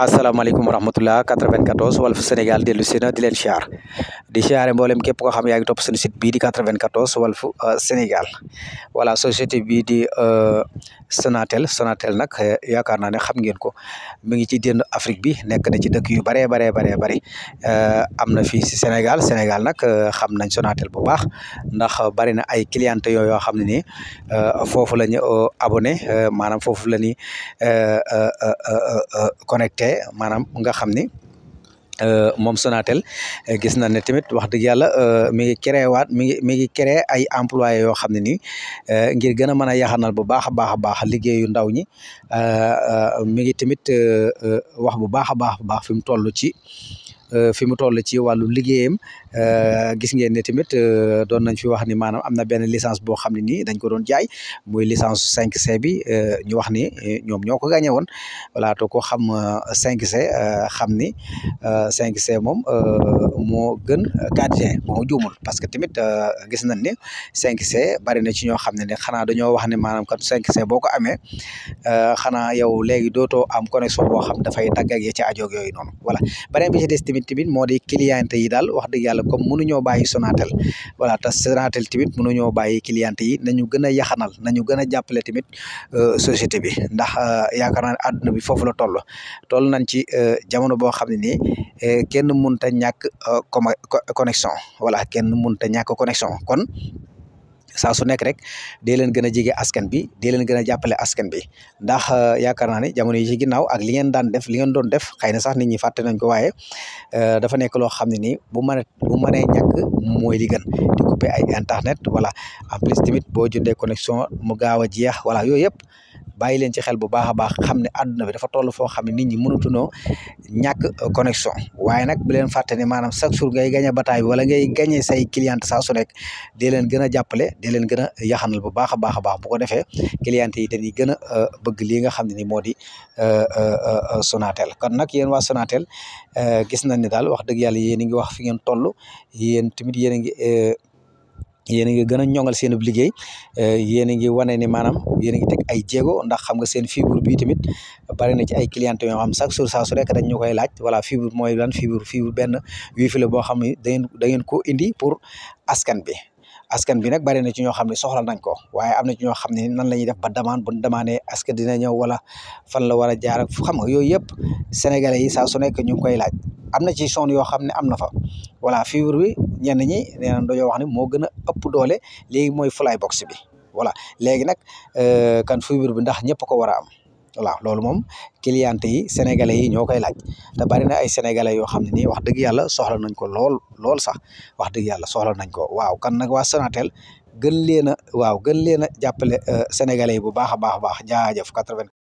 asalaamaaleykum wa rahmatulah 94 Walf Sénégal dellu si na di leen siyaar di siyaare mboolem képp koo xam yaa ngi topp suñu site bii di 94 Walf euh, Sénégal voilà société bii di euh, Sonatel Sonatel nag euh, yaakaar naa ne xam ngeen ko mi ngi ci dénn Afrique bi nekk na ci dëkk yu baree baree baree bëri am na fii si Sénégal Sénégal nag xam nañ Sonatel bu baax ndax bari na ay clienté yooyu yoo xam ne nii foofu la ñu abonné maanaam foofu la ñuy connecté nga xam ni Euh, moom Sonatel euh, gis na ne tamit wax dëgg yàlla euh, mi ngi créé waat mi ngi mi ngi ay employé yoo xam ne nii ngir gën a mën a yaxanal bu baax a baax a baax liggéeyu ndaw ñi mi ngi tamit wax bu baax a baax a baax fi mu toll ci Euh, fi mu toll ci wàllu liggéeyam euh, gis ngeen ne tamit euh, doon nañ fi wax ni maanaam am na benn licence boo xam ne ni dañ ko doon jaay muy licence cinq c bi ñu wax ni ñoom ñoo ko gagné woon voilà to ko xam cinq c xam ni cinq c moom moo gën gardien moo juumul parce que tamit gis nañ ne 5C bari na ci ñoo xam ne ne xanaa dañoo wax ne maanaam kat 5 boo ko amee xanaa yow léegi dootoo am connexion boo xam dafay dagg ci ajoog yooyu noonu voilà beneen bi ci des tamit tamit tamit moo di client yi daal wax dëgg yàlla comme mënuñoo bàyyi Sonatel voilà te Sonatel tamit mënuñoo bàyyi client yi nañu gën a yaxanal nañu gën a jàppale tamit euh, société bi ndax euh, yaakaar naa ne àdduna bi foofu la toll toll nañ ci euh, jamono boo xam ne nii kenn mënut a ñàkk connexion voilà kenn mënut a ñàkk connexion kon saa su nekk rek dee leen gën a jege askan bi dee leen gën a jàppale askan bi ndax eh, yaakaar naa ne jamono yi ci ginnaaw ak li ngeen daan def li ngeen doon def xëy na sax nit ñi fàtte nañ ko waaye eh, dafa nekk loo xam ne nii bu mën a bu mënee ñàkk mooy li gën di couper ay internet voilà en plus tamit boo jëndee connexion mu gaaw a jeex voilà yooyu yëpp bàyyi leen ci xel bu baax a baax xam ne àdduna bi dafa toll foo xam ne nit ñi mënatunoo ñàkk connexion waaye nag bu leen fàtte ne maanaam chaque jour ngay gagné bataille bi wala ngay gagné say client saa su nekk dee leen gën a jàppale dee leen gën a yaxanal bu baax a baax a baax bu ko defee client yi dañuy gën a euh, bëgg lii nga xam ne ni moo di euh, euh, Sonatel kon nag yéen waa Sonatel gis nañ ne daal wax dëgg yàlla yéen a ngi wax fi ngeen toll yéen tamit yéen a ngi yéen a ngi gën a ñoŋal seen liggéey eh, yéen a ngi wane ni maanaam yéen a ngi teg ay jéego ndax xam nga seen fibre bi tamit bari na ci ay clients yoo xam chaque jour saa su rek dañ ñu koy laaj voilà fibre mooy lan fibre fibre benn wifi la boo xam ne da ngeen da ngeen ko indi pour askan bi askan bi nag bari na ci ñoo xam ne soxla nañ ko waaye am na ci ñoo xam ne nan la ñuy def ba demande bu ñu demandé est-ce que wala fan la war a jaar xam nga yooyu yëpp sénégalais yi saa su nekk ñu ngi koy laaj am na ci son yoo xam ne am na fa voilà fibre bi ñenn ñi nee nañ dañoo wax ne moo gën a ëpp doole léegi mooy flybox bi voilà léegi nag euh, kan fibre bi ndax ñëpp ko war a am voilà loolu moom cliente yi sénégalais yi ñoo koy laaj te bari na ay sénégalais yoo xam ne nii wax dëgg yàlla soxla nañ ko lool lool sax wax dëgg yàlla soxla nañ ko waaw kan nag waa Sonatel gën leen a waaw gën leen a jàppale euh, sénégalais yi bu baax a baax a baax jaajëf 80